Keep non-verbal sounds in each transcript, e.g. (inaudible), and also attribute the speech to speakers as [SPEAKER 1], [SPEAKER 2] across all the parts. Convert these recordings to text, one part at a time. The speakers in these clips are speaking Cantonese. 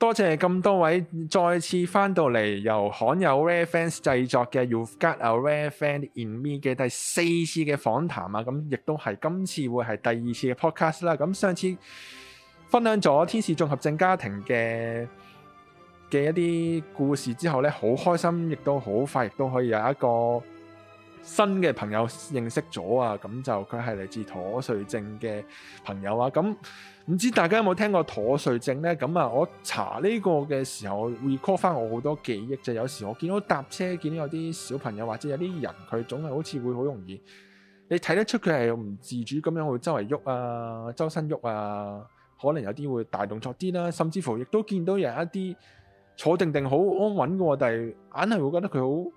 [SPEAKER 1] 多謝咁多位再次翻到嚟，由罕有 Rare Fans 製作嘅 You've Got a Rare Friend in Me 嘅第四次嘅訪談啊！咁亦都係今次會係第二次嘅 Podcast 啦。咁上次分享咗天使綜合症家庭嘅嘅一啲故事之後呢，好開心，亦都好快，亦都可以有一個新嘅朋友認識咗啊！咁就佢係嚟自妥瑞症嘅朋友啊！咁。唔知大家有冇聽過妥瑞症呢？咁啊，我查呢個嘅時候 recall 翻我好多記憶，就有時我見到搭車見到有啲小朋友，或者有啲人佢總係好似會好容易，你睇得出佢係唔自主咁樣去周圍喐啊，周身喐啊，可能有啲會大動作啲啦，甚至乎亦都見到有一啲坐定定好安穩嘅喎，但係硬係會覺得佢好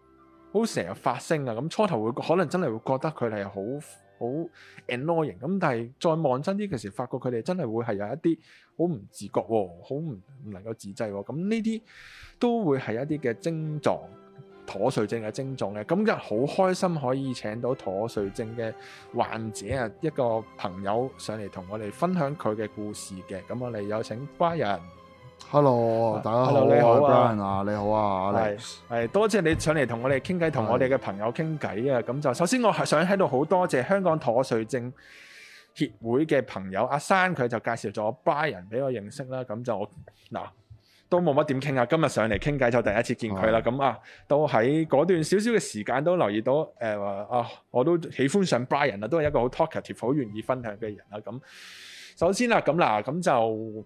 [SPEAKER 1] 好成日發聲啊！咁初頭會可能真係會覺得佢係好好 annoying，咁但係再望真啲其實，發覺佢哋真係會係有一啲好唔自覺，好唔唔能夠自制，咁呢啲都會係一啲嘅症狀，妥瑞症嘅症狀嘅。咁今好開心可以請到妥瑞症嘅患者啊，一個朋友上嚟同我哋分享佢嘅故事嘅。咁我哋有請 Brian。hello，
[SPEAKER 2] 大家好，hello, 你好啊，Hi Brian, uh, 你好啊，Alex，
[SPEAKER 1] 係是你多謝你上嚟同我哋傾偈，同我哋嘅朋友傾偈啊。咁就、啊、首先我係想喺度好多謝香港妥瑞症協會嘅朋友阿珊佢就介紹咗 Brian 俾我認識啦。咁就我嗱都冇乜點傾啊。今日上嚟傾偈就第一次見佢啦。咁是啊、嗯，都喺嗰段少少嘅時間都留意到，誒、呃，啊，我都喜歡上 Brian 啊，都係一個好 talkative、好願意分享嘅人啦。咁、嗯、首先啦，咁嗱，咁就。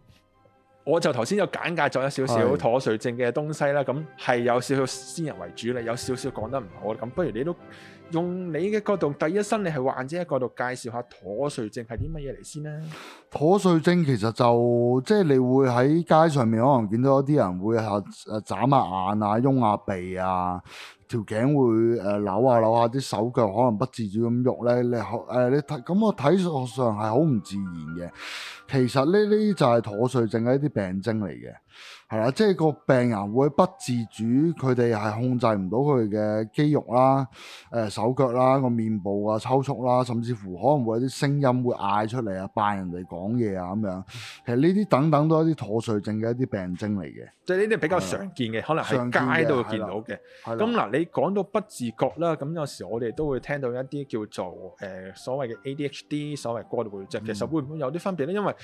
[SPEAKER 1] 我就頭先有簡介咗一少少妥瑞症嘅東西啦，咁係有少少先入為主啦，有少少講得唔好啦，咁不如你都用你嘅角度，第一身你係患者嘅角度介紹下妥瑞症係啲乜嘢嚟先呢？
[SPEAKER 2] 妥瑞症其實就即係你會喺街上面可能見到一啲人會嚇誒眨下眼啊、喐下鼻啊。條頸會誒扭下、啊、扭下、啊，啲手腳可能不自主咁喐咧，你誒、呃、你睇咁我睇上係好唔自然嘅。其實呢呢啲就係妥瑞症嘅一啲病徵嚟嘅。係啦，即係個病人會不自主，佢哋係控制唔到佢嘅肌肉啦、誒、呃、手腳啦、個面部啊抽搐啦，甚至乎可能會有啲聲音會嗌出嚟啊、扮人哋講嘢啊咁樣。其實呢啲等等都係一啲妥瑞症嘅一啲病徵嚟嘅，即係呢啲比較常見嘅，的可能喺街都會到見到
[SPEAKER 1] 嘅。咁嗱，你講到不自覺啦，咁有時我哋都會聽到一啲叫做誒、呃、所謂嘅 ADHD，所謂過度活躍症，嗯、其實會唔會有啲分別咧？因為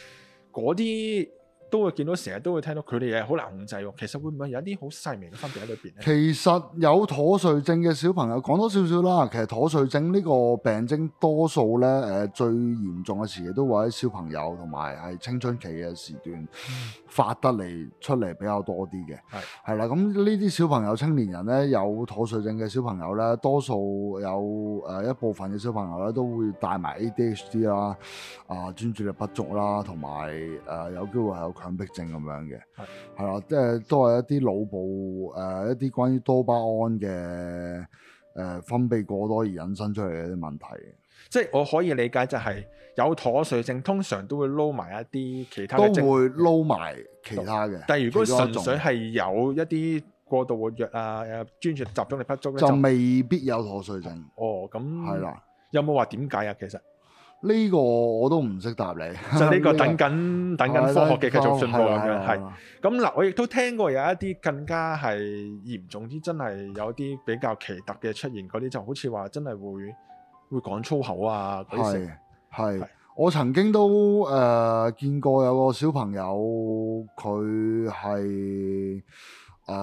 [SPEAKER 1] 嗰啲。都會見到，成日都會聽到佢哋嘢好難控制喎，其實會唔會有一啲好細微嘅分別喺裏邊咧？其
[SPEAKER 2] 實有妥瑞症嘅小朋友，講多少少啦，其實妥瑞症呢個病徵多數咧，誒，最嚴重嘅時期都會喺小朋友同埋係青春期嘅時段發得嚟出嚟比較多啲嘅。係，係啦，咁呢啲小朋友、青年人咧，有妥瑞症嘅小朋友咧，多數有誒一部分嘅小朋友咧都會帶埋 ADHD 啦、呃，啊專注力不足啦，同埋誒有機會係強迫症咁樣嘅，係啦的，即係、呃、都係一啲腦部誒，一啲關於多巴胺嘅誒、呃、分泌過多而引申出嚟一啲問題
[SPEAKER 1] 嘅。即係我可以理解就係有妥瑞症，通常都會撈埋一啲其他都會撈埋其他嘅。但係如果純粹係有一啲過度活躍啊，專注集中力不足，就未
[SPEAKER 2] 必有妥瑞症。嗯、哦，咁
[SPEAKER 1] 係啦。的有冇話點解啊？其實？
[SPEAKER 2] 呢個我都唔
[SPEAKER 1] 識答你，就呢個等緊等緊科學嘅繼續進步咁樣。係咁嗱，我亦都聽過有一啲更加係嚴重啲，真係有啲比較奇特嘅出現嗰
[SPEAKER 2] 啲，就好似話真係會會講粗口啊嗰啲。係係，我曾經都誒見過有個小朋友，佢係。誒，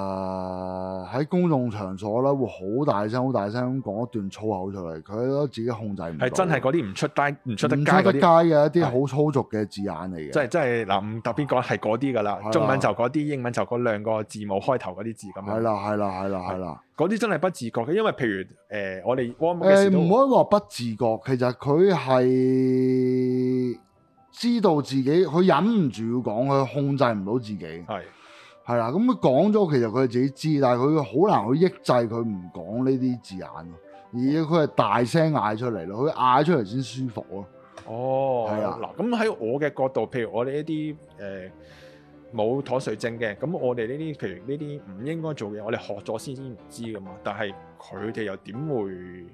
[SPEAKER 2] 喺、uh, 公眾場所啦，會好大聲、好大聲咁講一段粗口出嚟，佢都自己控制唔到。係真係
[SPEAKER 1] 嗰啲唔出街、唔出得街嘅一啲
[SPEAKER 2] 好粗俗嘅字眼嚟嘅。
[SPEAKER 1] 即係即係嗱，就是、特別講係嗰啲㗎喇。的中文就嗰啲，英文就嗰兩個字母開頭嗰啲字咁樣。係啦，係啦，係啦，係啦。嗰啲真係不自覺嘅，因為譬如誒、呃，我哋唔可
[SPEAKER 2] 以話不自覺。其實佢係知道自己，佢忍唔住要講，佢控制唔到自己。係。係啦，咁佢講咗，其實佢自己知，但係佢好難去抑制佢唔講呢啲字眼，而且佢係大聲嗌出嚟咯，佢嗌出嚟先舒服咯。哦，係
[SPEAKER 1] 啊，嗱，咁喺我嘅角度，譬如我哋一啲誒冇妥瑞症嘅，咁我哋呢啲譬如呢啲唔應該做嘅，我哋學咗先先唔知㗎嘛，但係佢哋又點會？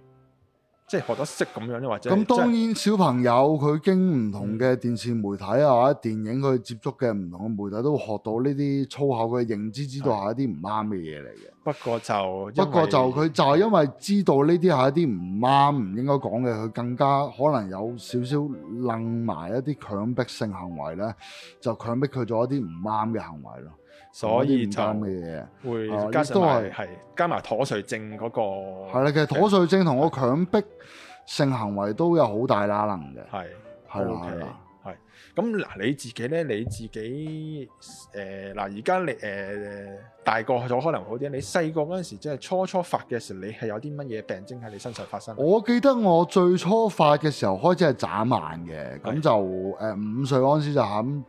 [SPEAKER 1] 即係學得識咁樣，或者咁當
[SPEAKER 2] 然小朋友佢經唔同嘅電視媒體啊、或者電影佢接觸嘅唔同嘅媒體，都學到呢啲粗口嘅認知，知道係一啲唔啱嘅嘢嚟嘅。不過就不過就佢就係因為知道呢啲係一啲唔啱、唔應該講嘅，佢更加可能有少少楞埋一啲強迫性行為咧，就強迫佢做一啲唔啱嘅行為咯。所以就會加上埋係
[SPEAKER 1] 加埋上是妥瑞症嗰個係啦，其實妥瑞
[SPEAKER 2] 症同我強迫性行為都有好大拉能嘅係係係
[SPEAKER 1] 係咁嗱，你自己咧、呃、你自己誒嗱，而家你誒大個咗可能會好啲，你細個嗰陣時即係初初發嘅時候，你係有啲乜嘢病徵喺你身上發生？我
[SPEAKER 2] 記得我最初發嘅時候，開始係眨眼嘅，咁就誒五歲嗰時就咁。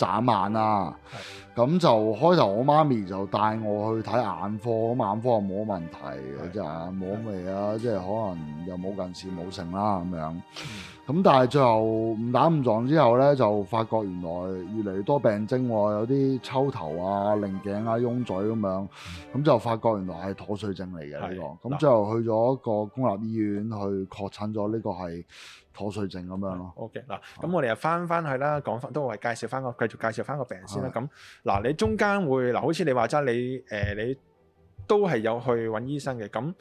[SPEAKER 2] 眨眼啦，咁就開頭我媽咪就帶我去睇眼科，眼科又冇問題嘅，即係眼冇咩啊，即係可能又冇近視冇成啦咁樣。咁但係最後唔打唔撞之後呢，就發覺原來越嚟越多病徵，有啲抽頭啊、擰頸啊、擁嘴咁樣，咁的就發覺原來係妥瑞症嚟嘅呢個。咁的最後去咗一個公立醫院去確診咗呢個係。妥瑞症咁樣咯。
[SPEAKER 1] O K 嗱，咁我哋又翻翻去啦，講翻都係介紹翻個，繼續介紹翻個病先啦。咁嗱，你中間會嗱，好似你話齋，你誒，你都係有去揾醫生嘅。咁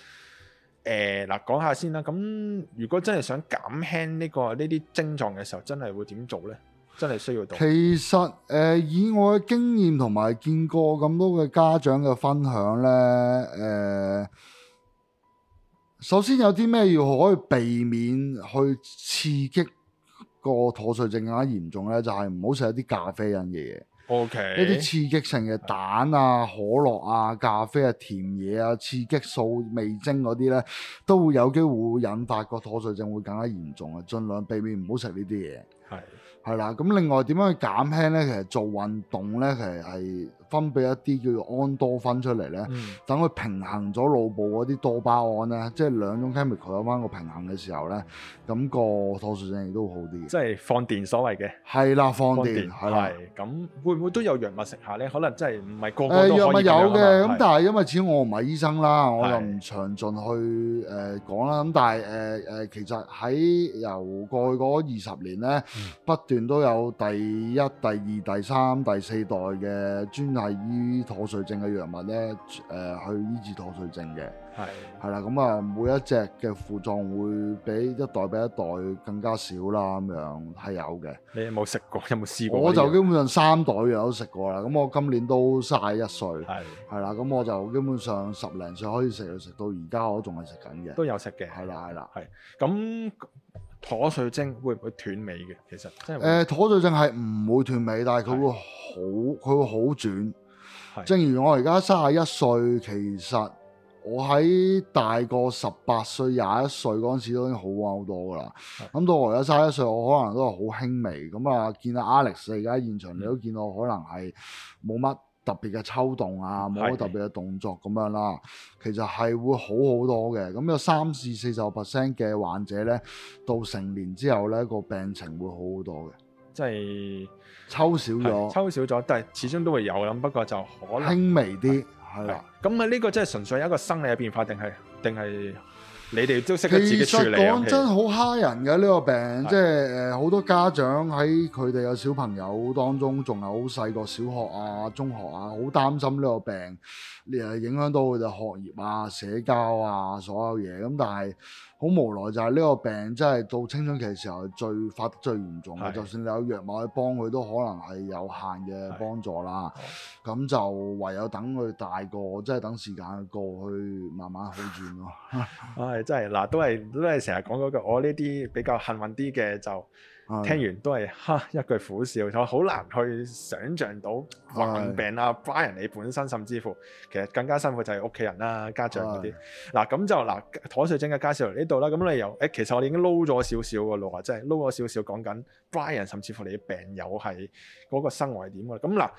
[SPEAKER 1] 誒嗱，講下先啦。咁如果真係想減輕呢個呢啲症狀嘅時候，真係會點做咧？真係需要到。其
[SPEAKER 2] 實誒，以我嘅經驗同埋見過咁多嘅家長嘅分享咧，誒。首先有啲咩要可以避免去刺激個妥瑞症更加嚴重呢？就係唔好食一啲咖啡因嘅嘢。O K，一啲刺激性嘅蛋啊、可樂啊、咖啡啊、甜嘢啊、刺激素、味精嗰啲呢，都會有機會引發個妥瑞症會更加嚴重啊！儘量避免唔好食呢啲嘢。係係啦，咁另外點樣去減輕呢？其實做運動呢，其實係。分泌一啲叫做安多酚出嚟咧，等佢，嗯、平衡咗腦部嗰啲多巴胺咧，即係兩種 chemical 有翻個平衡嘅時候咧，咁個妥瑞症亦都好啲。即
[SPEAKER 1] 係放電所謂嘅，
[SPEAKER 2] 係啦放電係啦。
[SPEAKER 1] 咁、啊、會唔會都有藥物食下咧？可能真係唔係個個，嗯、藥物有嘅，咁
[SPEAKER 2] 但係因為始終我唔係醫生啦，我就唔詳盡去誒、呃、講啦。咁但係，誒誒，其實喺由過去嗰二十年咧，不斷都有第一、第二、第三、第四代嘅專係醫妥瑞症嘅藥物咧，誒去醫治妥瑞症嘅，係係啦，咁啊，每一隻嘅副作用會比一代比一代更加少啦，咁樣係有嘅。
[SPEAKER 1] 你有冇食過？有冇試過？我就基
[SPEAKER 2] 本上三代藥都食過啦。咁我今年都卅一歲，係係啦，咁我就基本上十零歲可以食，食到而家我仲係食緊嘅。都有食嘅，係啦係啦，係咁。妥瑞症會唔會斷尾嘅？其實誒，妥瑞症係唔會斷尾，但係佢會好，佢會好轉。的正如我而家三十一歲，其實我喺大個十八歲、廿一歲嗰陣時都已經好返好多噶啦。咁的到我而家三十一歲，我可能都係好輕微。咁啊的，見阿 Alex 而家現場，的你都見到可能係冇乜。特別嘅抽動啊，冇乜特別嘅動作咁樣啦，其實係會好好多嘅。咁有三至四十 percent 嘅患者咧，到成年之後咧，個病情會好好多嘅。
[SPEAKER 1] 即係是抽少咗，抽少咗，但係始終都會有咁，不過就可能
[SPEAKER 2] 輕微啲係啦。
[SPEAKER 1] 咁啊，呢的的個即係純粹有一個生理嘅變化，定係定係？你哋都識自己處理啊！其實講真，
[SPEAKER 2] 好蝦人嘅呢個病，即係誒好多家長喺佢哋嘅小朋友當中，仲有好細個小、小學啊、中學啊，好擔心呢個病。誒影響到佢哋學業啊、社交啊、所有嘢咁，但係好無奈就係呢個病真係到青春期嘅時候最發最嚴重嘅，的就算你有藥物去幫佢，都可能係有限嘅幫助啦。咁的就唯有等佢大個的，即係等時間過去慢慢好轉咯。唉
[SPEAKER 1] 的， (laughs) 真係嗱，都係都係成日講嗰句，我呢啲比較幸運啲嘅就。聽完都係哈一句苦笑，就好難去想像到患病啊的 Brian 你本身，甚至乎其實更加辛苦就係屋企人啦、家長嗰啲。嗱咁的、啊、就嗱，妥瑞症嘅介紹嚟呢度啦。咁你又誒、欸，其實我哋已經撈咗少少個路，即係撈咗少少講緊 Brian，甚至乎你啲病友係嗰、那個生活係點㗎啦。咁、啊、嗱。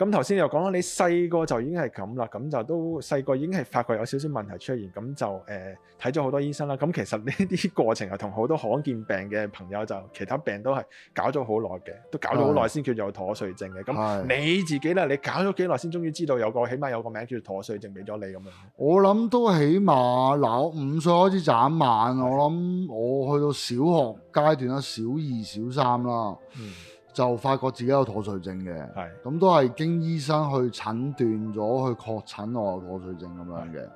[SPEAKER 1] 咁頭先又講啦，你細個就已經係咁啦，咁就都細個已經係發覺有少少問題出現，咁就誒睇咗好多醫生啦。咁其實呢啲過程係同好多罕見病嘅朋友就其他病都係搞咗好耐
[SPEAKER 2] 嘅，都搞咗好耐先叫做妥瑞症嘅。咁是你
[SPEAKER 1] 自己咧，你搞咗幾耐先終於知道有個，起碼有個名叫做妥瑞症俾咗你咁樣，
[SPEAKER 2] 我？我諗都起碼嗱我五歲開始就眨眼，是我諗我去到小學階段啦，小二、小三啦。嗯就發覺自己有妥瑞症嘅，咁是的 都係經醫生去診斷咗，去確診我有妥瑞症咁樣嘅，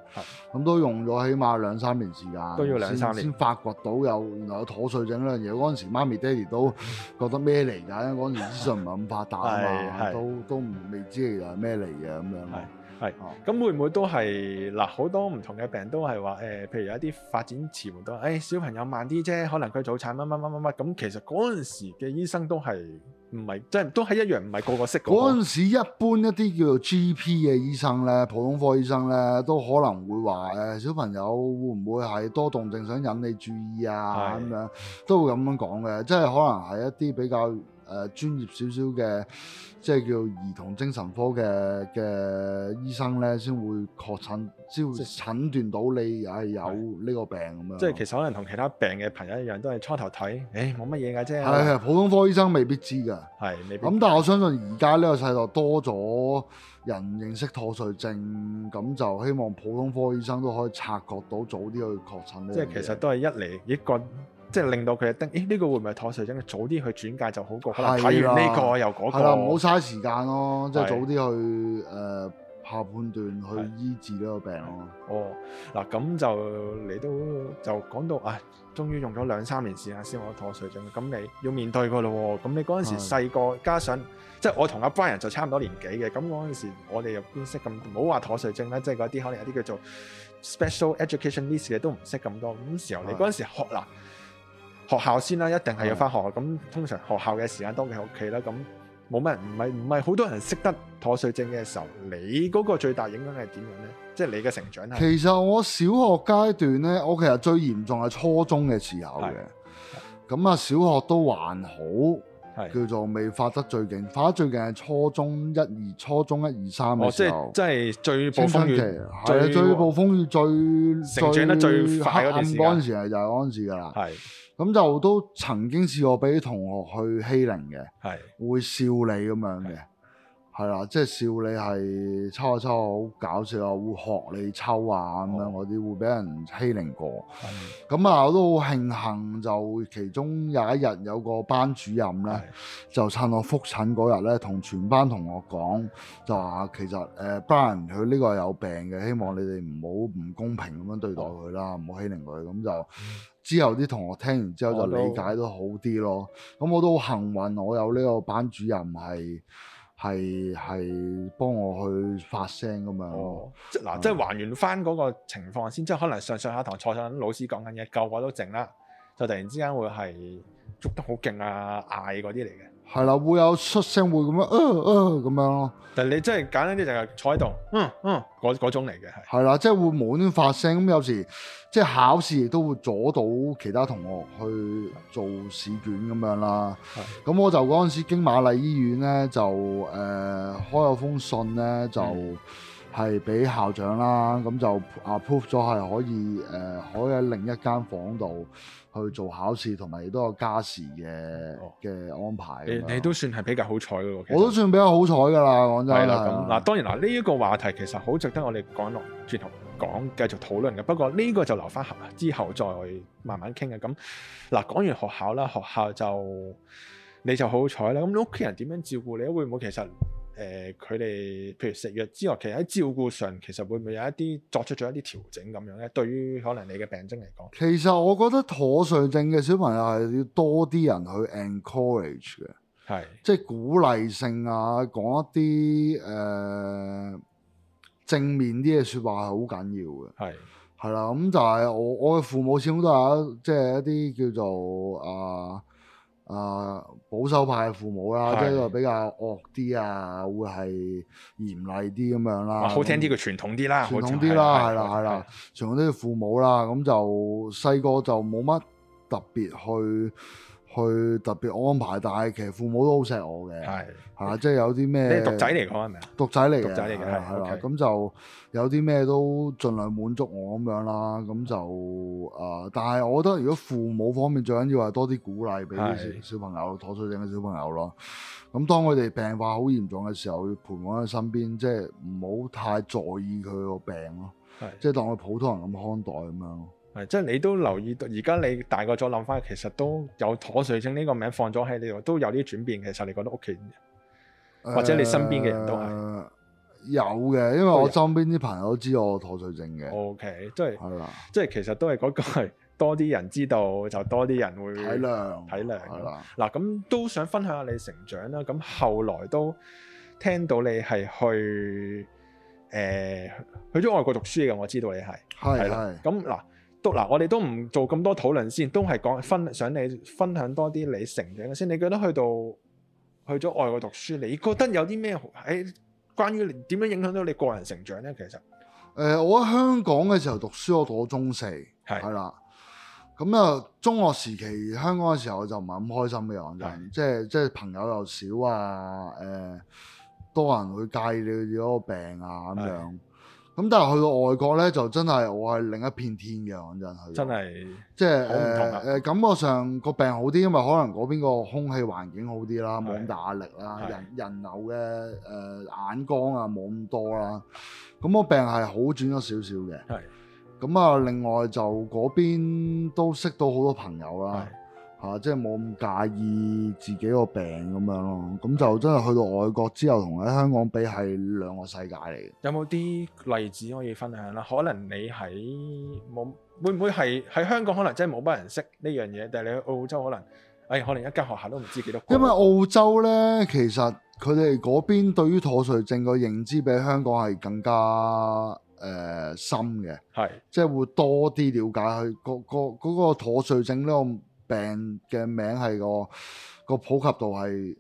[SPEAKER 2] 咁都用咗起碼兩三年時間，都要兩三年先發掘到有原來有妥瑞症呢樣嘢。嗰陣時媽咪爹哋都覺得咩嚟㗎？因為嗰陣時資訊唔係咁發達吖嘛，都都未知係咩嚟
[SPEAKER 1] 嘅咁樣。係，咁會唔會都係嗱，好多唔同嘅病都係話，誒，譬如有一啲發展遲緩都，誒、哎、小朋友慢啲啫，可能佢早產乜乜乜乜乜，咁其實嗰陣時嘅醫生都係唔係，即係都係一樣，唔係個個識嘅。嗰陣時
[SPEAKER 2] 一般一啲叫做 G.P. 嘅醫生咧，普通科醫生咧，都可能會話誒，小朋友會唔會係多動症想引你注意，啊咁是樣，都會咁樣講嘅，即係可能係一啲比較。誒、呃、專業少少嘅，即係叫兒童精神科嘅嘅醫生咧，先會確診，先會診斷到你係的、啊、有呢個病咁的樣。即係
[SPEAKER 1] 其實可能同其他病嘅朋友一樣，都係初頭睇，誒冇乜嘢㗎啫。係係，普
[SPEAKER 2] 通科醫生未必知㗎，係
[SPEAKER 1] 未必。咁但係我
[SPEAKER 2] 相信而家呢個世代多咗人認識妥瑞症，咁就希望普通科醫生都可以察覺到，早啲去確診呢。即係其實都係一嚟一個。即係令到佢叮，咦、欸？呢、這個會唔會妥瑞症？早啲去轉介就好過睇完呢個又嗰、那個。係啦，唔好嘥時間咯，的即係早啲去誒、呃、下判斷去醫治呢個病咯。哦，嗱咁就你都
[SPEAKER 1] 就講到啊，終、哎、於用咗兩三年時間先有妥瑞症。咁你要面對佢咯喎。咁你嗰陣時細個，的加上即係我同阿 Brian 就差唔多年紀嘅。咁嗰陣時我哋又唔識咁，唔好話妥瑞症啦，即係嗰啲可能有啲叫做 special education list 嘅都唔識咁多。咁時候你嗰陣時學嗱。的學校先啦，一定係要翻學校。咁、嗯、通常學校嘅時間都嘅喺屋企啦，咁冇咩人，唔係唔係好多人識得妥瑞症嘅時候，你嗰個最大影響係點樣咧？即係你嘅成長係。其
[SPEAKER 2] 實我小學階段咧，我其實最嚴重係初中嘅時候嘅。咁啊的，小學都還好，叫做未發得最勁，發得最勁係初中一二，初中一二三嘅時候。哦，即係即係最暴風雨，係最暴風雨最成長得最快嗰陣時係就係嗰陣時噶啦，係的。咁就都曾經試過俾同學去欺凌嘅，係的會笑你咁樣嘅，係啦的，的即係笑你係抽啊抽好搞笑啊，會學你抽啊咁樣嗰啲，哦、會俾人欺凌過。咁啊，我都好慶幸，就其中有一日有個班主任咧，嗯、就趁我覆診嗰日咧，同全班同學講，就話其實誒 Brian 佢呢個有病嘅，希望你哋唔好唔公平咁樣對待佢啦，唔好、嗯、欺凌佢咁就。之後啲同學聽完之後就理解都好啲咯。咁我都也好幸運，我有呢個班主任係係係幫我去發聲咁樣咯。即係嗱，即係還原翻嗰個情況先，嗯、即係可能上上下堂坐上，
[SPEAKER 1] 老師講緊嘢，個個都靜啦，就突然之間會係捉得好勁啊，嗌嗰啲嚟嘅。
[SPEAKER 2] 係啦，會有出聲，會咁樣，呃呃咁樣咯、
[SPEAKER 1] 啊。但係你真係簡單啲，就係坐喺度，嗯嗯，嗰種嚟嘅，係。
[SPEAKER 2] 係啦，即係會冇啲發聲，咁有時即係考試亦都會阻到其他同學去做試卷咁樣啦、啊。係的。咁我就嗰陣時經瑪麗醫院咧，就誒開咗封信咧，就。呃係俾校長啦，咁就 approve 咗係可以誒、呃，可以喺另一間房度去做考試，同埋亦都有加時嘅嘅安排。你你都算係比較好彩喎，我都算比較好彩㗎啦，講真啦。嗱，當然啦，呢、這、
[SPEAKER 1] 一個話題其實好值得我哋講落，轉頭講繼續討論嘅。不過呢個就留翻之後再慢慢傾嘅。咁嗱，講完學校啦，學校就你就好彩啦。咁你屋企人點樣照顧你？會唔會其實？誒佢哋譬如食藥之外，其實喺照顧上，其實會唔會有一啲作出咗一啲調整咁樣咧？對於可能你嘅病徵
[SPEAKER 2] 嚟講，其實我覺得妥瑞症嘅小朋友係要多啲人去 encourage 嘅，係是即係鼓勵性啊，講一啲誒、呃、正面啲嘅説話係好緊要嘅，係係啦。咁就係我我嘅父母始終都係即係一啲叫做啊。呃啊，保守派嘅父母啦，是即係個比較惡啲啊，會係嚴厲啲咁樣啦，好聽啲
[SPEAKER 1] 叫傳統啲啦，傳統啲啦，係啦
[SPEAKER 2] 係啦，傳統啲嘅父母啦，咁就細個就冇乜特別去。去特別安排，但係其實父母都好錫我嘅，係嚇的，啊、即係有啲咩，你獨仔嚟講係咪？獨仔嚟嘅，獨仔嚟嘅，係啦的。咁 okay. 就有啲咩都盡量滿足我咁樣啦。咁就誒、啊，但係我覺得如果父母方面最緊要係多啲鼓勵俾啲小，的小朋友，妥瑞症嘅小朋友咯。咁當佢哋病化好嚴重嘅時候，要陪我喺身邊，即係唔好太在意佢個病咯。即係的當佢普通人咁看待咁樣。誒，即係你都留意到，而
[SPEAKER 1] 家你大個咗諗返，其實都有妥瑞症呢個名放咗喺你度，都有啲轉變。其實你覺得屋企人
[SPEAKER 2] 或者你身邊嘅人都係有嘅，因為我身邊啲朋友都知我妥瑞症嘅。O K，Okay, 的即係係啦，即係其實都係嗰
[SPEAKER 1] 句，多啲人知道就多啲人會體諒體諒。啦的，嗱咁都想分享下你成長啦。咁後來都聽到你係去誒去咗外國讀書嘅，我知道你係係係咁嗱。的都嗱、啊，我哋都唔做咁多討論先，都係講分想你分享多啲你成長嘅先。你覺得去到去咗外國讀書，你覺得有啲咩誒關於點樣影響
[SPEAKER 2] 到你個人成長呢？其實誒、呃，我喺香港嘅時候讀書，我讀咗中四係是啦。咁、嗯、啊，中學時期香港嘅時候就唔係咁開心嘅樣是即，即係即係朋友又少啊，誒、呃，多人會介意你嗰個病啊咁樣。咁但係去到外國咧，就真係我係另一片天嘅，講真係。真係，即係誒誒，感覺上個病好啲，因為可能嗰邊個空氣環境好啲啦，冇咁大壓力啦的，人人流嘅誒、呃、眼光啊冇咁多啦。咁個的病係好轉咗少少嘅。係的。咁啊，另外就嗰邊都識到好多朋友啦。啊，即係冇咁介意自己個病咁樣咯，咁就真係去到外國之後，同喺香港比係兩個世界嚟嘅。
[SPEAKER 1] 有冇啲例子可以分享啦？可能你喺冇，會唔會係喺香港可能真係冇乜人識呢樣嘢，但係你去澳洲可能，誒、哎，可能一間學校都唔知幾多。
[SPEAKER 2] 因為澳洲呢，其實佢哋嗰邊對於妥瑞症個認知比香港係更加誒、呃、深嘅，係是，即係會多啲了解佢、嗰個個、嗰個妥瑞症呢個。病嘅名係個個普及度係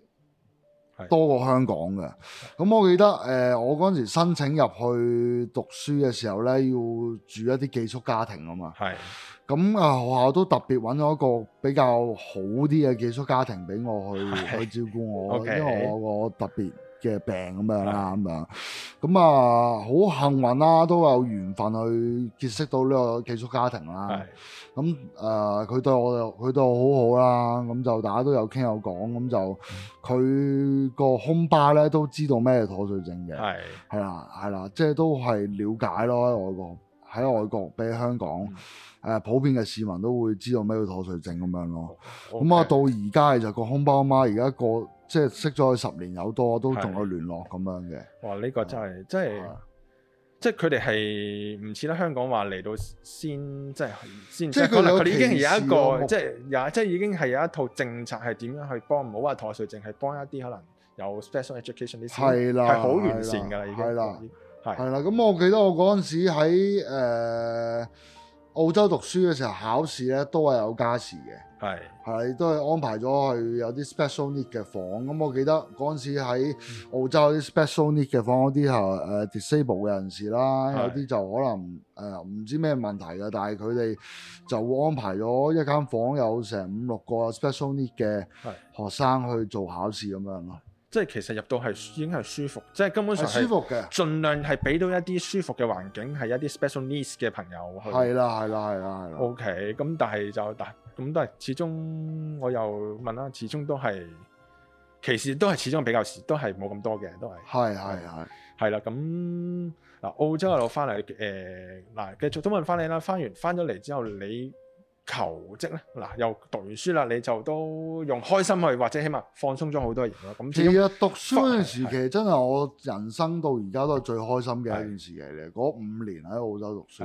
[SPEAKER 2] 多過香港嘅。咁是我記得誒、呃，我嗰陣時申請入去讀書嘅時候咧，要住一啲寄宿家庭啊嘛。係是。咁啊，學校都特別揾咗一個比較好啲嘅寄宿家庭俾我去是去照顧我， (laughs) Okay. 因為我有個特別嘅病咁樣啦，咁樣。 (laughs) (laughs) 咁啊，好幸運啦，都有緣分去結識到呢個寄宿家庭啦。咁誒是的，佢、呃、對我又佢對我好好啦。咁就大家都有傾有講，咁就佢、嗯、個空巴咧都知道咩係妥瑞症嘅。係係啦係啦，即係都係了解咯。喺外國，喺外國，比起香港誒、嗯、普遍嘅市民都會知道咩妥瑞症咁樣咯。咁啊，到而家就個空巴媽而家個。即係識咗十年有多，都仲有聯絡咁樣嘅。
[SPEAKER 1] 哇！呢、這個真係，真啊、即係，即係佢哋係唔似得香港話嚟到先，即係先。即係佢哋已經有一個，個姓即係也即係已經係有，有一套政策係點樣去幫？唔好話台稅，淨係幫一啲可能有 special education 啲、啊。係啦，係好完善噶啦，已經係啦，
[SPEAKER 2] 係啦、啊。咁、啊啊啊啊啊、我記得我嗰陣時喺誒。呃澳洲讀書嘅時候考試咧都係有加時嘅，係係是都係安排咗去有啲 special need 嘅房。咁我記得嗰陣時喺澳洲啲 special need 嘅房，有啲係誒 disable 嘅人士啦，有啲是就可能誒唔、呃、知咩問題嘅，但係佢哋就會安排咗一間房有成五六個 special need 嘅學生去做考試咁是樣咯。即
[SPEAKER 1] 係其實入到係已經係舒服，即係根本上係舒服嘅，盡量係俾到一啲舒服嘅環境，係一啲 special needs 嘅朋友去。係啦，
[SPEAKER 2] 係啦，係啦。
[SPEAKER 1] OK，咁但係就嗱，咁都係始終我又問啦，始終都係歧視都係始終比較少，都係冇咁多嘅，都係。係係係係啦，咁嗱澳洲又翻嚟，誒嗱繼續都問翻你啦。翻完翻咗嚟之後你。求職咧，嗱又讀完書啦，你就都用開心去，或者起碼
[SPEAKER 2] 放鬆咗好多嘢咯。咁係啊，讀書嗰陣時期真係我人生到而家都係最開心嘅一段時期嚟。嗰五年喺澳洲讀書，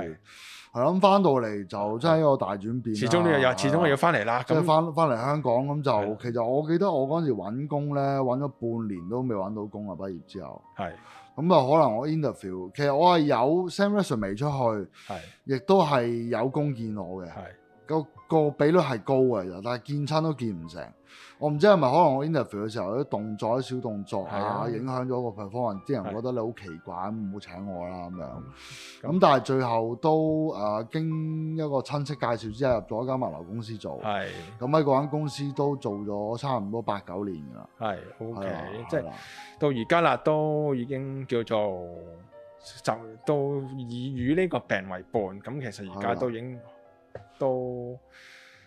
[SPEAKER 2] 係諗翻到嚟就真係一個大轉變。始終都要，始終係要翻嚟啦。即係翻翻嚟香港咁就，其實我記得我嗰陣時揾工咧，揾咗半年都未揾到工啊！畢業之後係咁啊，可能我 interview，其實我係有 send resume 出去，係亦都係有工見我嘅，係。個個比率係高嘅，但係見親都見唔成。我唔知係咪可能我 interview 嘅時候啲動作、小動作啊，的影響咗個 performance，啲人覺得你好奇怪，唔好請我啦咁樣。咁但係最後都誒、啊、經一個親戚介紹之下，入咗一間物流公司做。係的。咁喺嗰間公司都做咗差唔多八九年㗎啦。係。O K，即係到而家啦，都已經叫做
[SPEAKER 1] 就到以與呢個病為伴。咁其實而家都已經的。都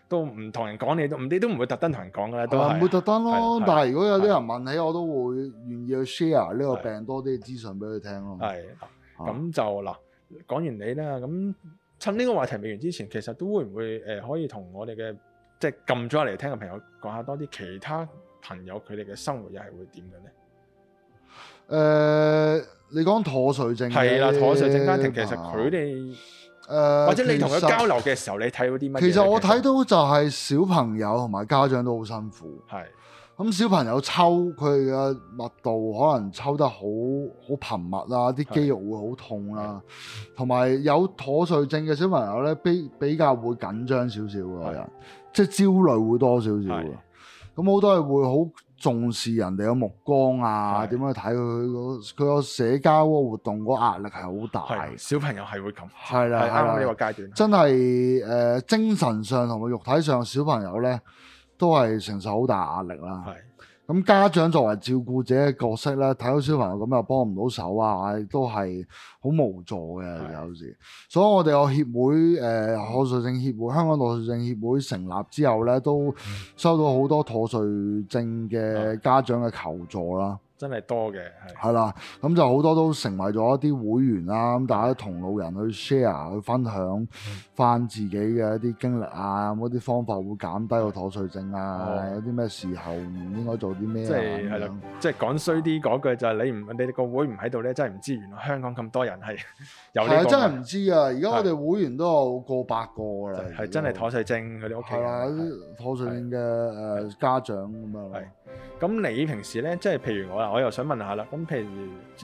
[SPEAKER 1] 都唔同人講，你都唔你都唔會特登同人講噶啦，都係唔、啊、會特登咯。是但係
[SPEAKER 2] 如果有啲人問起，是我都會願意去 share 呢個病是多啲資訊俾佢聽咯。係咁就嗱，講完你啦，咁趁呢個話題未完之前，其實都會
[SPEAKER 1] 唔會誒、呃，可以同我哋嘅即係撳咗落嚟聽嘅朋友講下多啲其他朋友佢哋嘅生活又係會點嘅
[SPEAKER 2] 咧？誒、呃，你講妥瑞症係啦，妥瑞症家庭其實佢
[SPEAKER 1] 哋。或者你同佢交流嘅時候，你睇到啲乜嘢？其實我睇
[SPEAKER 2] 到就係小朋友同埋家長都好辛苦。係咁是，小朋友抽佢嘅密度可能抽得好好頻密啦，啲肌肉會好痛啦。同埋是有妥瑞症嘅小朋友咧，比比較會緊張少少嘅人，是即係焦慮會多少少嘅。咁好是多係會好。重視人哋嘅目光啊，點樣睇佢，個佢個社交個活動個壓力係好大。小朋友係會咁，係啦係啦，呢個階段，真係誒、呃、精神上同埋肉體上小朋友咧都係承受好大壓力啦。咁家長作為照顧者嘅角色咧，睇到小朋友咁又幫唔到手啊，都係好無助嘅是的 有時。所以我哋有協會，誒、呃，妥瑞症協會，香港妥瑞症協會成立之後咧，都收到好多妥瑞症嘅家長嘅求助啦。
[SPEAKER 1] 真係多嘅，
[SPEAKER 2] 係係啦，咁就好多都成為咗一啲會員啦。咁大家同路人去 share 去分享翻自己嘅一啲經歷啊，咁嗰啲方法會減低個妥瑞症啊，有啲咩時候唔應該做啲咩即係係
[SPEAKER 1] 啦，即係講衰啲嗰句就係你唔你哋個會唔喺度咧，真係唔知原來香港咁多人係有。係真
[SPEAKER 2] 係唔知啊！而家我哋會員都有過百個啦。係真係妥瑞症佢哋屋企，係啦，妥瑞症嘅誒家長咁樣。
[SPEAKER 1] 咁你平時咧，即係譬如我啦，我又想問下啦。咁譬如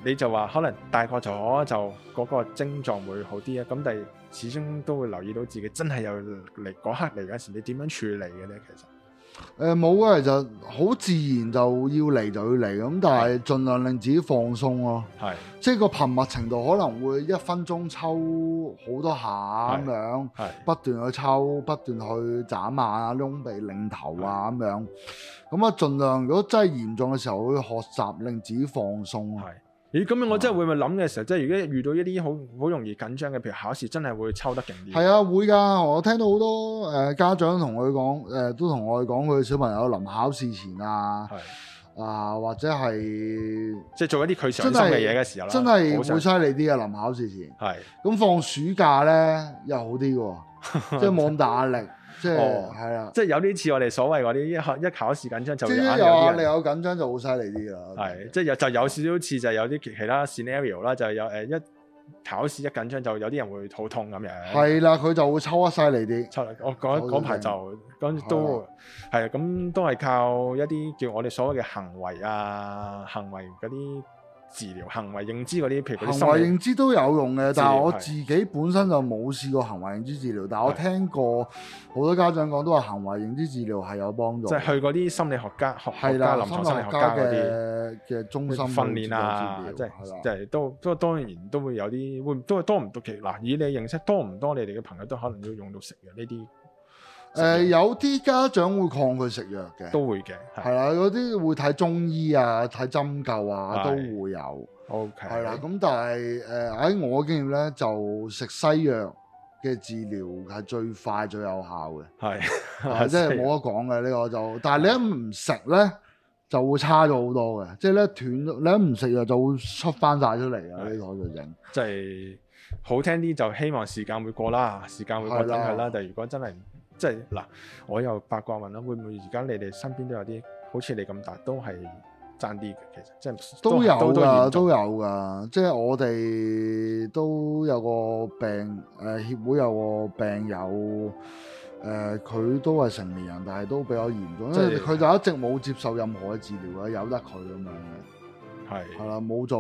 [SPEAKER 1] 你就話，可能大個咗就嗰個症狀會好啲啊。咁但係始終都會留意到自己真，真係有嚟嗰刻嚟嗰時，你點樣處理嘅咧？其實
[SPEAKER 2] 誒冇啊，其實好自然就要嚟就要嚟咁，但係盡量令自己放鬆咯、啊。係是，即係個頻密程度可能會一分鐘抽好多下咁樣，不斷去抽，不斷去眨眼、掹鼻、擰頭啊咁樣。咁啊，盡量如果真係嚴重嘅時候，會學習令自己放鬆。係，咦、嗯，咁樣我真係會唔會諗嘅時候，是即
[SPEAKER 1] 係如果遇到一啲好好容易緊張嘅，譬如考試，真係會抽得勁啲。係
[SPEAKER 2] 啊，會㗎，我聽到好多誒、呃、家長同佢講，誒、呃、都同我哋講，佢小朋友臨考試前啊，啊是、呃、或者係即係做一啲佢上心嘅嘢嘅時候啦，真係會犀利啲嘅，臨考試前。係是，咁放暑假咧又好啲喎、啊，即係冇咁大壓力。 (laughs) 即
[SPEAKER 1] 係，係、哦、了即係有啲似我哋所謂嗰啲一考一,一考試緊張就會有。至於話你
[SPEAKER 2] 有緊張就好犀利啲啦。係對，
[SPEAKER 1] 即係了有就有少少似就，就有啲其他 scenario 啦，就係有誒一考試一緊張就有啲人會肚痛咁樣。係
[SPEAKER 2] 啦，佢就會抽一犀利啲。
[SPEAKER 1] 我嗰嗰排就，咁都係啊，咁了都係靠一啲叫我哋所謂嘅行為啊，行為嗰啲。治療行為認知嗰啲，譬如嗰啲行為認
[SPEAKER 2] 知都有用嘅，療但係我自己本身就冇試過行為認知治療，是的 但係我聽過好多家長講都話行為認知治療係有幫助，即係去
[SPEAKER 1] 嗰啲心理學家學,學家臨床的心理學家啲嘅中心訓練啊，練啊即係即係
[SPEAKER 2] 都都當然
[SPEAKER 1] 都會有啲會都係多唔到其嗱，以你認識多唔多，你哋嘅朋友都可能要用到食藥呢啲。
[SPEAKER 2] 誒，有啲家長會抗拒食藥嘅，都會嘅，係啦，有啲會睇中醫啊，睇針灸啊，都會有，OK，係啦，咁但係誒喺我經驗咧，就食西藥嘅治療係最快最有效嘅，係，即係冇得講嘅呢個就，但係你一唔食咧，就會差咗好多嘅，即係咧斷，你一唔食藥就會出翻晒出嚟嘅呢個就影，即係
[SPEAKER 1] 好聽啲就希望時間會過啦，
[SPEAKER 2] 時間會過去啦，係啦，但係如
[SPEAKER 1] 果真係。即係嗱，我又八卦問啦，會唔會而家你哋身邊都有啲好似你咁大都係爭啲嘅？其實即係都，都有噶都，都，都，都
[SPEAKER 2] 有噶。即係我哋都有個病誒協、呃、會有個病友誒，佢、呃、都係成年人，但係都比較嚴重，因為佢就一直冇接受任何嘅治療啊，由得佢咁樣係，係啦，冇做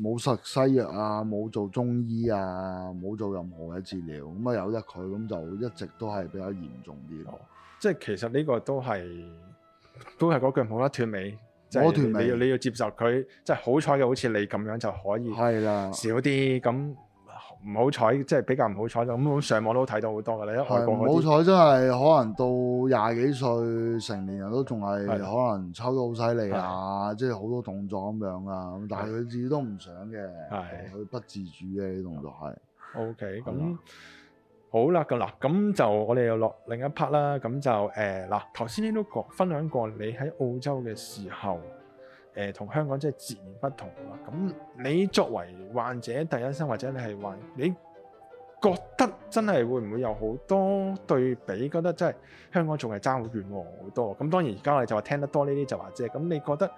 [SPEAKER 2] 冇食西藥啊，冇做中醫啊，冇做任何嘅治療，咁啊由得佢，咁就一直都係比較嚴重啲咯。
[SPEAKER 1] 即係其實呢個都係
[SPEAKER 2] 都係嗰句冇得斷
[SPEAKER 1] 尾，即係你，你要你要接受佢。即係好彩嘅，好似你咁樣就可以，係啦的，少
[SPEAKER 2] 啲咁。
[SPEAKER 1] 唔好彩，即係比較唔好彩咁，咁上網都睇到好多嘅。你一唔好彩，
[SPEAKER 2] 真係可能到廿幾歲成年人都仲係可能抽得好犀利啊！的即係好多動作咁樣啊，但係佢自己都唔想嘅，佢的不自主嘅啲的動作係。OK，咁、嗯、好啦，噶啦，咁就我
[SPEAKER 1] 哋又落另一 part 啦。咁就誒嗱，頭先你都講分享過，你喺澳洲嘅時候。誒同香港即係截然不同啦。咁你作為患者第一身，或者你係患，你覺得真係會唔會有好多對比？覺得真係香港仲係爭好遠好多。咁當然而家我哋就話聽得多呢啲就話啫。咁你覺得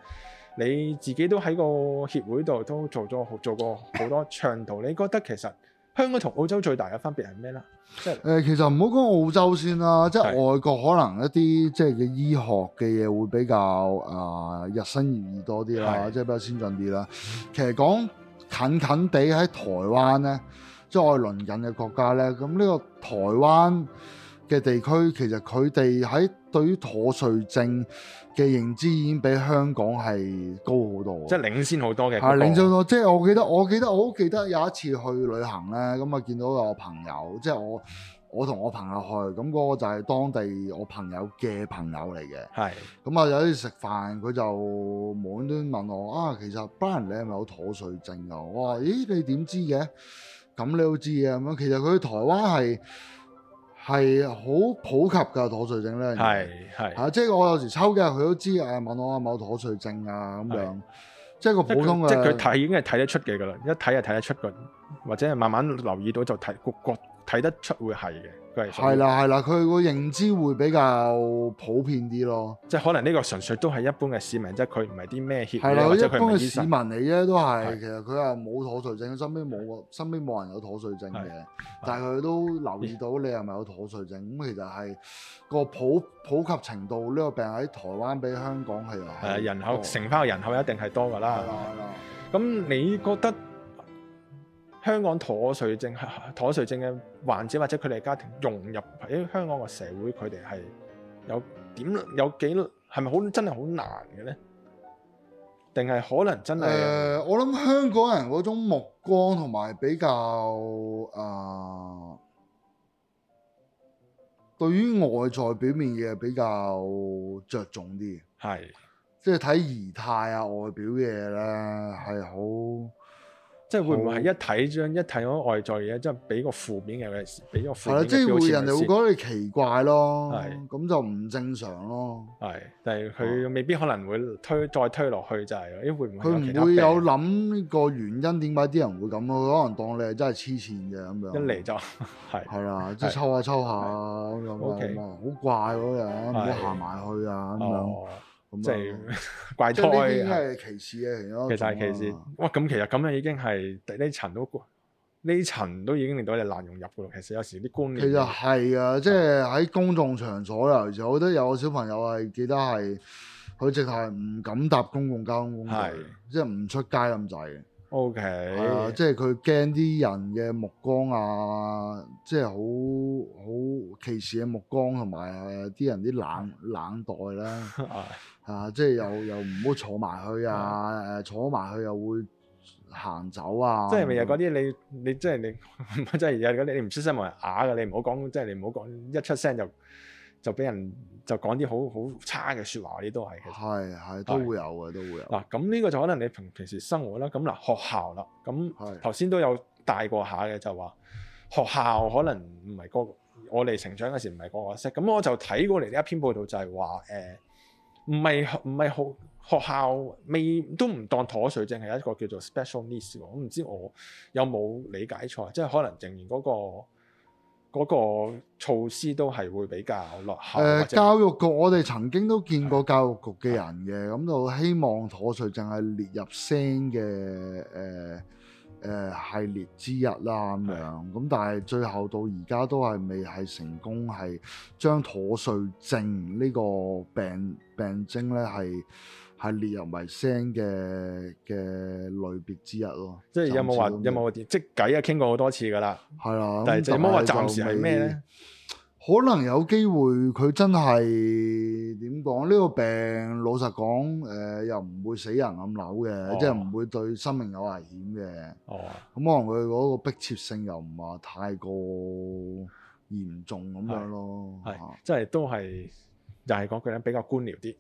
[SPEAKER 1] 你自己都喺個協會度都做咗做過好多倡導，你覺得其實？香港同澳洲最大嘅分別係咩咧？即
[SPEAKER 2] 係誒，其實唔好講澳洲先啦，的即係外國可能一啲即係嘅醫學嘅嘢會比較啊、呃，日新月異多啲啦，的即係比較先進啲啦。其實講近近地喺台灣咧，的即係我哋鄰近嘅國家咧，咁呢個台灣。嘅地區，其實佢哋喺對於妥瑞症嘅認知已經比香港係高好多，即
[SPEAKER 1] 係領先好多嘅。係領先好
[SPEAKER 2] 多，即係我記得，我記得，我好記得有一次去旅行咧，咁啊，見到個朋友，即係我我同我朋友去，咁、那、嗰個就係當地我朋友嘅朋友嚟嘅。係咁啊，有一次食飯，佢就無端端問我啊，其實 Brian 你係咪有妥瑞症啊？」我話咦，你點知嘅？咁你都知啊。咁樣。其實佢台灣係。係好普及㗎，妥瑞症咧，係係，啊，即係我有時抽嘅，佢都知啊，問我有冇妥瑞症啊咁樣，是即係個普通，嘅，即係佢睇已
[SPEAKER 1] 經係睇得出嘅啦，一睇就睇得出嘅，或者係慢慢留意到就睇個個睇得出會係嘅。係啦，係啦，
[SPEAKER 2] 佢個認知會比較普遍啲咯。即係可能呢個純粹都係一般嘅市
[SPEAKER 1] 民，即係佢唔係啲咩協會，或者佢唔係市民嚟啫，都係的其
[SPEAKER 2] 實佢又冇妥瑞症，身邊冇身邊冇人有妥瑞症嘅，但係佢都留意到你係咪有妥瑞症。咁其實係個普普及程度，呢個病喺台灣比香港係啊人口成
[SPEAKER 1] 翻嘅人口一定係多㗎啦。
[SPEAKER 2] 咁的你覺得？
[SPEAKER 1] 香港妥瑞症、妥瑞症嘅患者或者佢哋家庭融入喺香港嘅社會，佢哋係有點有幾係咪好真係好難嘅咧？
[SPEAKER 2] 定係可能真係？誒、呃？我諗香港人嗰種目光同埋比較，誒、呃，對於外在表面嘢比較着重啲，係是即係睇儀態啊、外表嘢咧，係好。即係會唔會係一
[SPEAKER 1] 睇將一睇外在嘢，即係俾個負面嘅，俾個負面嘅標籤係啦，即係會人哋會講
[SPEAKER 2] 你奇怪咯，咁就唔正常咯。係，
[SPEAKER 1] 但係佢未必可能會推再推落去就係，因為會唔會有其他病？佢唔會有
[SPEAKER 2] 諗個原因點解啲人會咁？佢可能當你係真係黐線嘅咁樣。一嚟就係係啦，即係抽下抽下咁樣，好怪嗰個人，唔好行埋去啊咁樣。即係
[SPEAKER 1] 是怪胎，即係呢邊係
[SPEAKER 2] 歧視嘅其實係歧視，
[SPEAKER 1] 哇吧！咁、哦、其實咁樣已經係呢層都呢層都已經令到你難融入嘅。其實有時啲觀念其
[SPEAKER 2] 實係啊，嗯、即係喺公眾場所啊。有好多有個小朋友係記得係佢直頭係唔敢搭公共交通工具，的即係唔出街咁滯。O Okay . K、啊、即係佢驚啲人嘅目光啊，即係好好歧視嘅目光，同埋啲人啲冷冷待啦。 (laughs) 啊，即係又又唔好坐埋去啊！誒， (laughs) 坐埋去又會行走啊！即係咪有嗰啲
[SPEAKER 1] 你你即係你，即係又嗰啲你唔出聲冇人啞㗎，你唔好講， (laughs) 即係你唔好講一出聲就就俾人。就講啲好好差嘅説話，呢啲都係，係係的的都會有嘅，都會有。嗱、啊，咁呢個就可能你平平時生活啦，咁嗱學校啦，咁頭先都有帶過下嘅，就話學校可能唔係、嗰個我哋成長嘅時唔係個個識，咁我就睇過嚟呢一篇報道，就係話誒，唔係唔係好，學校未都唔當妥瑞，淨係一個叫做 special needs、嗯、喎，我唔知我有冇理解錯，即係可能仍然嗰、嗰個。嗰個措施都係會比較落後。誒、呃，者
[SPEAKER 2] 教育局，我哋曾經都見過教育局嘅人嘅，咁就的希望妥瑞症係列入聲嘅誒誒系列之一啦。咁樣的，咁但係最後到而家都係未係成功，係將妥瑞症呢個病病徵咧係。係列入埋聲嘅嘅類別之一咯，即係有冇話有冇
[SPEAKER 1] 即係偈啊？傾過好多次噶啦，係啦但。但係點解話暫時係咩咧？
[SPEAKER 2] 可能有機會佢真係點講呢個病？老實講，誒、呃、又唔會死人冧樓嘅，哦、即係唔會對生命有危險嘅。哦，咁可能佢嗰個迫切性又唔話太過嚴重咁、哦嗯嗯、樣咯。
[SPEAKER 1] 係，即係都係又係講句咧，比較官僚啲。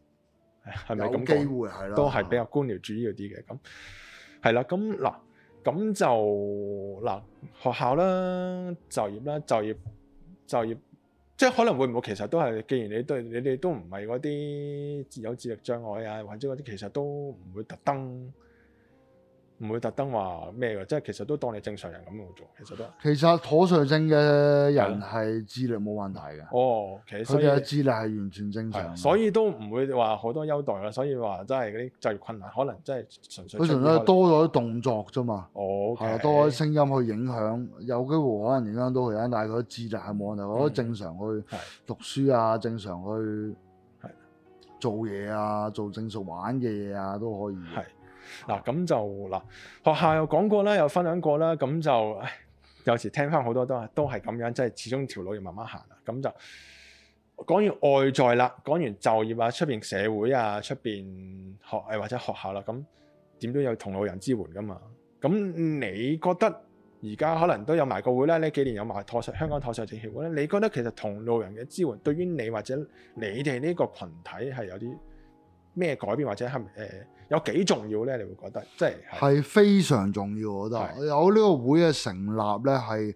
[SPEAKER 1] 係咪咁講？都係比較官僚主義啲嘅，咁係啦。咁嗱，咁就嗱學校啦，就業啦，就業就業，即係、就是、可能會冇會。其實都係，既然你對你哋都唔係嗰啲有智力障礙啊，或者嗰啲，其實都唔會特登。唔會特登話咩㗎，即係其實都當你正常人咁去做，其實都。
[SPEAKER 2] 其實妥瑞症嘅人係智力冇問題嘅，哦，佢嘅智力係完全正常。所
[SPEAKER 1] 以都唔會話好多優待啦。所以話真係嗰啲就係困難，可能真係純粹。純粹多
[SPEAKER 2] 咗啲動作啫嘛。哦，okay，多咗啲聲音去影響，有機會可能影響到佢啊。但係佢智力係冇問題，可以、嗯、正常去讀書啊，的正常去係做嘢啊，做正常玩嘅嘢啊都可以的。係。嗱咁就嗱，學校又講過啦，又分享過啦，
[SPEAKER 1] 咁就唉有時聽翻好多都係都係咁樣，即係始終條路要慢慢行啦。咁就講完外在啦，講完就業啊，出邊社會啊，出邊學誒或者學校啦，咁點都有同路人支援噶嘛。咁你覺得而家可能都有埋個會啦，呢幾年有埋妥瑞症香港妥瑞症協會啦。你覺得其實同路人嘅支援對於你或者你哋呢個群體係有啲咩改變或者係唔有幾重要呢？你會覺得即
[SPEAKER 2] 係非常重要，我覺得是有呢個會嘅成立呢，係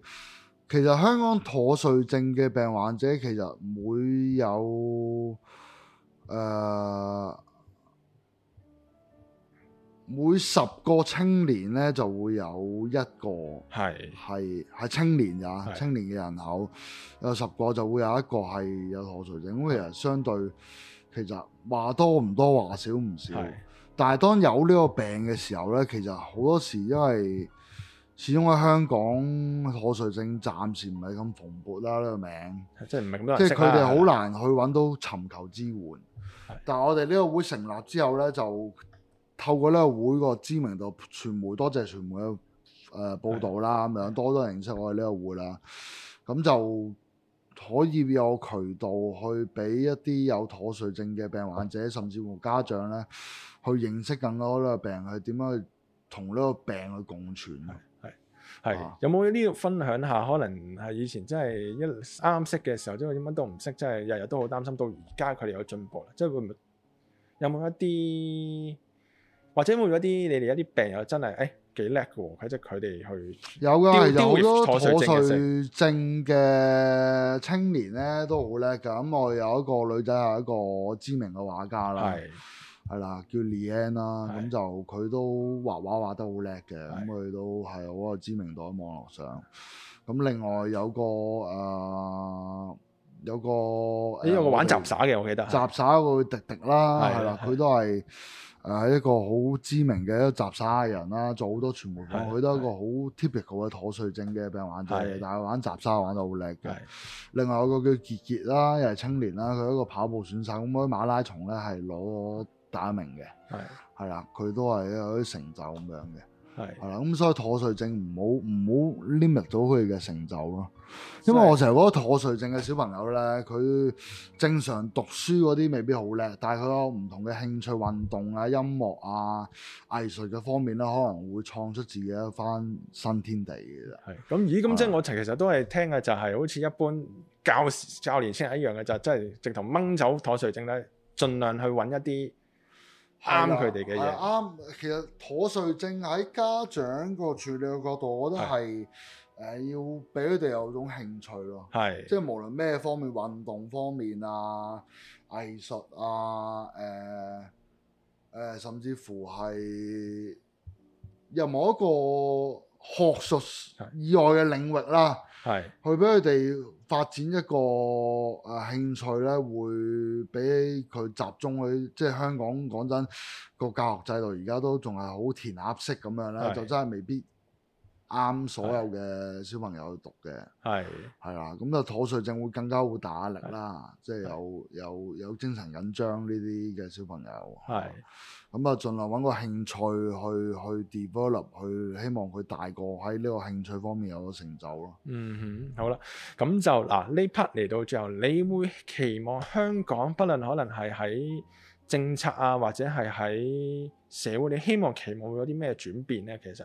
[SPEAKER 2] 其實香港妥瑞症嘅病患者，其實每有誒、呃、每十個青年呢，就會有一個係係係青年啊，是青年嘅人口有十個就會有一個係有妥瑞症咁，其實相對其實話多唔多話少唔少。但係當有呢個病嘅時候呢，其實好多時因為始終喺香港妥瑞症暫時唔係咁蓬勃啦，呢個名即係唔係咁多人，即係佢哋好難去揾到尋求支援。的但係我哋呢個會成立之後呢，就透過呢個會個知名度、傳媒多謝傳媒嘅誒、呃、報導啦咁樣，的多多人認識我哋呢個會啦。咁就可以有渠道去俾一啲有妥瑞症嘅病患者，甚至乎家長呢。去認識更多呢個病，係點樣同呢個病去共存咯？係
[SPEAKER 1] 係有冇呢啲分享下？可能係以前真係一啱識嘅時候，即係點乜都唔識，真係日日都好擔心。到而家佢哋有進步啦，即係會唔會有冇一啲或者會唔會一啲你哋一啲病友真係誒幾叻嘅喎？即係佢哋去
[SPEAKER 2] 有㗎，係有好多妥瑞症嘅青年咧都好叻㗎。咁我有一個女仔係一個知名嘅畫家啦。係。.係啦，叫 Leon 啦，咁就佢都畫畫畫得好叻嘅，咁佢都係好有知名度喺網絡上。咁另外有個誒，有個誒，有個玩雜耍嘅，我記得。雜耍個迪迪啦，係啦，佢都係誒一個好知名嘅一個雜耍嘅人啦，做好多傳媒。佢都係一個好 typical 嘅妥瑞症嘅病患者，但係玩雜耍玩得好叻嘅。另外有個叫杰杰啦，又係青年啦，佢一個跑步選手，咁喺馬拉松咧係攞。打明嘅，係係啦，佢都係有啲成就咁樣嘅，係係啦，咁所以妥瑞症唔好唔好 limit 咗佢嘅成就咯。因為我成日覺得妥瑞症嘅小朋友咧，佢正常讀書嗰啲未必好叻，但係佢有唔同嘅興趣運動啊、音樂啊、藝術嘅方面咧，可能會創出自己一番新天地嘅啫。係咁咦？咁即係
[SPEAKER 1] 我其實都係聽嘅，就係好似一般教、教、教練先係一樣嘅，就係即係直頭掹走妥瑞症咧，盡量去揾一啲。走走啱佢哋嘅嘢，
[SPEAKER 2] 啱了。其實妥瑞症喺家長個處理嘅角度，我覺得係誒要俾佢哋有種興趣咯。係的，即係無論咩方面，運動方面啊、藝術啊、誒、呃、誒、呃、甚至乎係任何一個學術以外嘅領域啦，係的去俾佢哋。發展一個誒、呃、興趣咧，會俾佢集中去，即係香港講真，個教學制度而家都仲係好填鴨式咁樣啦，的就真係未必。啱所有嘅小朋友去讀嘅，係係啦，咁啊妥瑞症會更加會打壓力啦，的即係有有有精神緊張呢啲嘅小朋友，係咁啊，就盡量揾個興趣去去 develop，去希望佢大個喺呢個興趣方面有個成就咯。
[SPEAKER 1] 嗯哼，
[SPEAKER 2] 好啦，咁就嗱呢 part 嚟到最後，你
[SPEAKER 1] 會期望香港，不論可能係喺政策啊，或者係喺社會，你希望期望會有啲咩轉變咧？其實。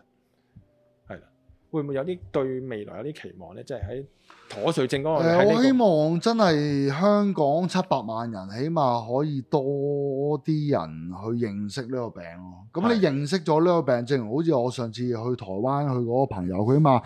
[SPEAKER 1] 會唔會有啲對未來有啲期望咧？即係喺
[SPEAKER 2] 妥瑞症嗰、那個。誒、嗯，這我希望真係香港七百萬人起碼可以多啲人去認識呢個病咯、啊。咁你認識咗呢個病症，好似我上次去台灣去嗰個朋友，佢起碼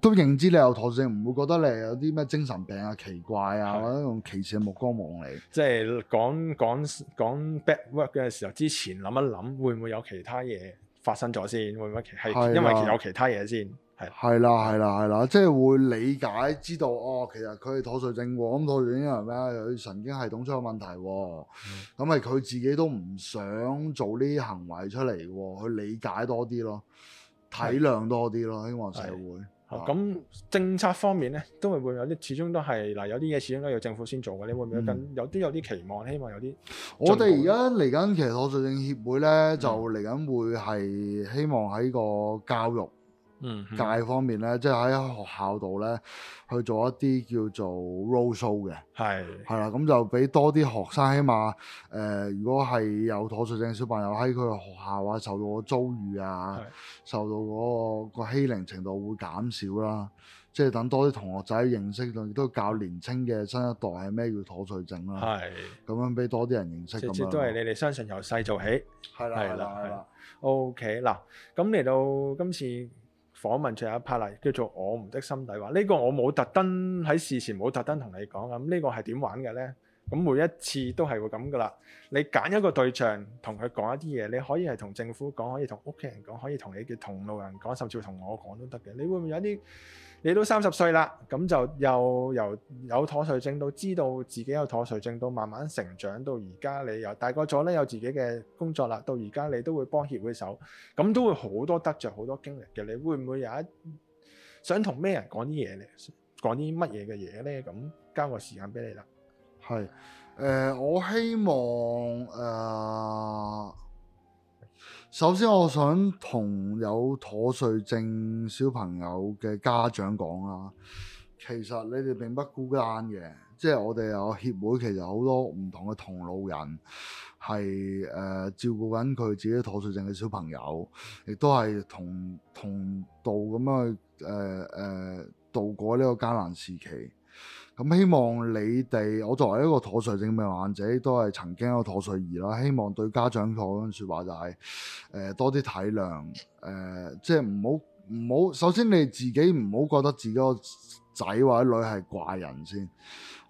[SPEAKER 2] 都認知你有妥瑞症，唔會覺得你有啲咩精神病啊、奇怪啊，或者用歧視嘅目光望你。
[SPEAKER 1] 即係講講講 back work 嘅時候，之前諗一
[SPEAKER 2] 諗，會唔會有其他嘢發生咗先？會唔會其係因為有其他嘢先？是的 係啦，係啦，係啦，即係會理解知道哦。其實佢係妥瑞症喎，咁妥瑞症因為咩啊？佢神經系統出咗問題喎。咁係佢自己都唔想做呢啲行為出嚟喎，去理解多啲咯，體諒多啲咯，希望社會。咁
[SPEAKER 1] 政策方面咧，都係會有啲，始終都係嗱，有啲嘢始終都有政府先做嘅。你會唔會有啲有啲有啲期望？希望有啲。
[SPEAKER 2] 我哋而家嚟緊其實妥瑞症協會咧，就嚟緊會係希望喺個教育。嗯，界方面咧，即係喺學校度咧去做一啲叫做 roadshow 嘅，係的，係啦，咁就俾多啲學生，起碼誒、呃，如果係有妥瑞症小朋友喺佢學校啊，受到嘅遭遇啊，的受到嗰、嗰個嗰個欺凌程度會減少啦，即係等多啲同學仔認識，亦都教年青嘅新一代係咩叫妥瑞症啦，係的，咁樣俾多啲人認識，咁樣的，都係
[SPEAKER 1] 你哋相信由細做起，係啦，係啦，係啦，OK，嗱，咁嚟的、okay，到今次。訪問，最後一 part 啦，叫做我哋嘅心底話，呢個我冇特登喺事前冇特登同你講啊，咁呢個係點玩嘅呢？咁每一次都係會咁噶啦，你揀一個對象，同佢講一啲嘢，你可以係同政府講，可以同屋企人講，可以同你嘅同路人講，甚至同我講都得嘅。你會唔會有啲？你都三十歲啦，咁就又由有，有妥瑞症到知道自己有妥瑞症，到慢慢成長，到而家你又大個咗咧，有自己嘅工作啦，到而家你都會幫協會手，咁都會好多得着，好多經歷嘅。你會唔會有一想同咩人講啲嘢咧？講啲乜嘢嘅嘢咧？咁交個時間俾你啦。
[SPEAKER 2] 係，誒、呃、我希望誒。呃首先，我想同有妥瑞症小朋友嘅家長講啦，其實你哋並不孤單嘅，即係我哋有協會，其實好多唔同嘅同路人係誒、呃、照顧緊佢自己妥瑞症嘅小朋友，亦都係同同道咁樣去誒誒度過呢個艱難時期。咁希望你哋，我作為一個妥瑞症嘅患者，都係曾經有妥瑞兒啦。希望對家長講嘅說話就係、是、誒、呃，多啲體諒誒、呃，即係唔好唔好。首先，你自己唔好覺得自己個仔或者女係怪人先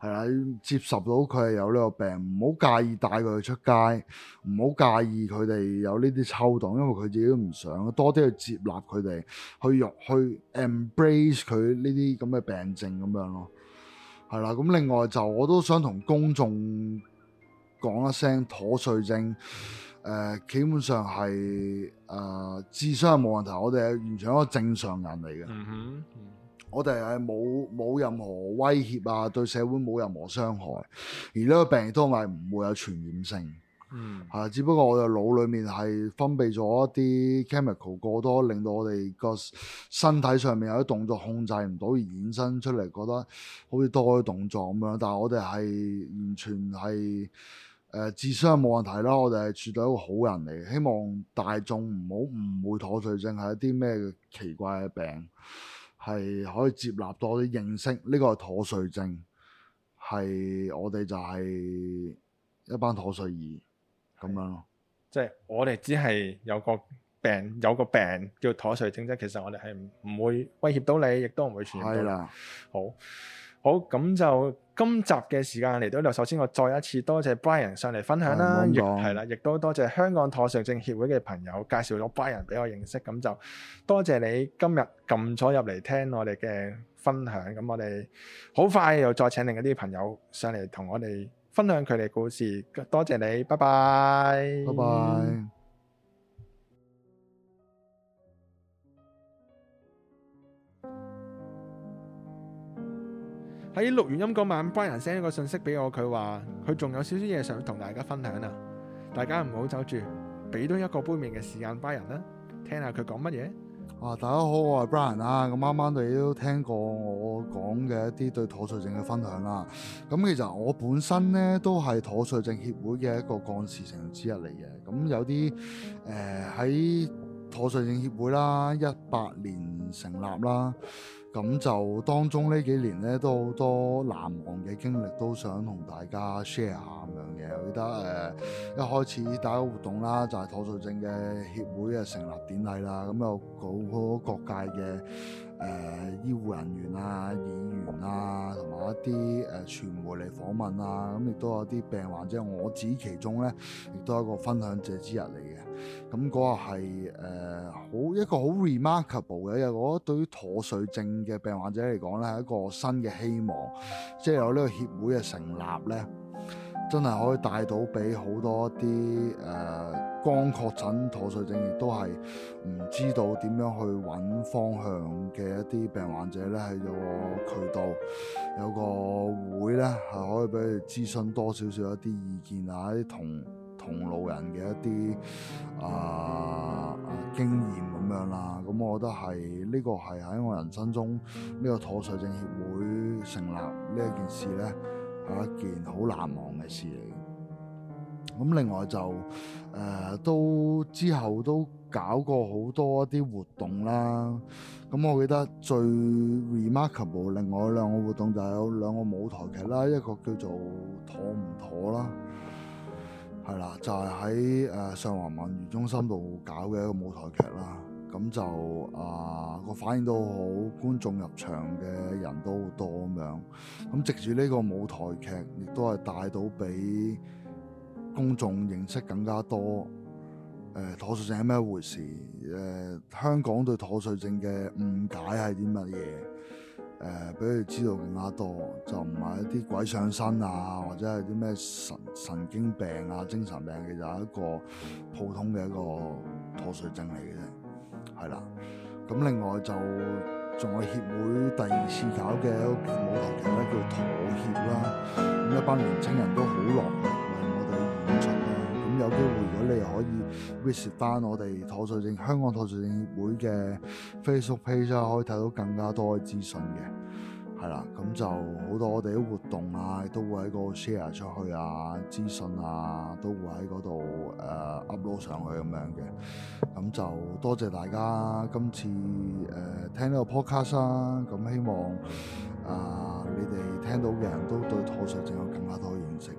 [SPEAKER 2] 係啦。接受到佢係有呢個病，唔好介意帶佢去出街，唔好介意佢哋有呢啲抽動，因為佢自己都唔想多啲去接納佢哋去容去 embrace 佢呢啲咁嘅病症咁樣咯。係啦，咁另外就我都想同公眾講一聲，妥瑞症誒、呃，基本上係誒、呃、智商冇問題，我哋係完全一個正常人嚟嘅，嗯哼嗯、我哋係冇冇任何威脅啊，對社會冇任何傷害，的而呢個病都係唔會有傳染性。嗯，係，只不過我哋腦裏面係分泌咗一啲 chemical 過多，令到我哋個身體上面有啲動作控制唔到，而衍生出嚟，覺得好似多啲動作咁樣。但係我哋係完全係誒、呃、智商冇問題啦，我哋係處到一個好人嚟。希望大眾唔好誤會妥瑞症係一啲咩奇怪嘅病，係可以接納多啲認識呢，這個係妥瑞症，係我哋就係一班妥瑞兒。咁樣
[SPEAKER 1] 咯，即係我哋只係有個病，有個病叫妥瑞症啫。其實我哋係唔會威脅到你，亦都唔會傳染到你。係啦，好好咁就今集嘅時間嚟到呢度，首先我再一次多謝 Brian 上嚟分享啦，亦係啦，亦都多謝香港妥瑞症協會嘅朋友介紹咗 Brian 俾我認識。咁就多謝你今日撳咗入嚟聽我哋嘅分享。咁我哋好快又再請另一啲朋友上嚟同我哋。分享佢哋故事，多謝你，拜拜，拜拜。喺錄完音嗰晚，Briansend 一個信息俾我，佢話佢仲有少少嘢想同大家分享啊！大家唔好走住，俾多一個杯麵嘅時間 Brian 啦，聽下佢講乜嘢。
[SPEAKER 2] 啊！大家好，我係 Brian 啊！咁啱啱你都聽過我講嘅一啲對妥瑞症嘅分享啦。咁其實我本身咧都係妥瑞症協會嘅一個幹事成之一嚟嘅。咁有啲誒喺妥瑞症協會啦，一八年成立啦。咁就當中呢幾年咧，都好多難忘嘅經歷都想同大家 share 下咁樣嘅。我記得誒、呃、一開始大家活動啦，就係、是、妥瑞症嘅協會嘅成立典禮啦。咁又有好各界嘅誒、呃、醫護人員啊、議員啊，同埋一啲誒、呃、傳媒嚟訪問啊。咁亦都有啲病患者，就是、我指其中咧，亦都係一個分享者之一嚟。咁嗰個係誒、呃、好一個好 remarkable 嘅，因為我對於妥瑞症嘅病患者嚟講咧，係一個新嘅希望。即係有呢個協會嘅成立咧，真係可以帶到俾好多一啲誒剛確診妥瑞症，亦都係唔知道點樣去揾方向嘅一啲病患者咧，係有個渠道，有個會咧係可以俾佢諮詢多少少一啲意見啊，一啲同。同路人嘅一啲、呃、啊經驗咁樣啦，咁我覺得係呢、這個係喺我人生中呢、這個妥瑞症協會成立呢一件事咧係一件好難忘嘅事嚟。咁另外就誒、呃、都之後都搞過好多一啲活動啦。咁我記得最 remarkable 另外兩個活動就係有兩個舞台劇啦，一個叫做妥唔妥啦。係啦，就係喺誒上環文娛中心度搞嘅一個舞台劇啦。咁就啊個、呃、反應都好，觀眾入場嘅人都好多咁樣。咁藉住呢個舞台劇，亦都係帶到俾公眾認識更加多。誒、呃，妥瑞症係咩回事？誒、呃，香港對妥瑞症嘅誤解係啲乜嘢？誒，俾佢、呃、知道更加多，就唔係一啲鬼上身啊，或者係啲咩神神經病啊、精神病嘅，就係一個普通嘅一個妥瑞症嚟嘅啫，係啦。咁另外就仲有協會第二次搞嘅舞台劇咧，叫《妥協》啦，咁一班年輕人都好樂有機會，如果你可以 visit 翻我哋妥瑞症，香港妥瑞症協會嘅 Facebook page 啊，可以睇到更加多嘅資訊嘅，係啦，咁就好多我哋啲活動啊，都會喺個 share 出去啊，資訊啊，都會喺嗰度誒 upload 上去咁樣嘅，咁就多謝大家今次誒、呃、聽呢個 podcast 啦、啊，咁、嗯、希望啊、呃、你哋聽到嘅人都對妥瑞症有更加多嘅認識。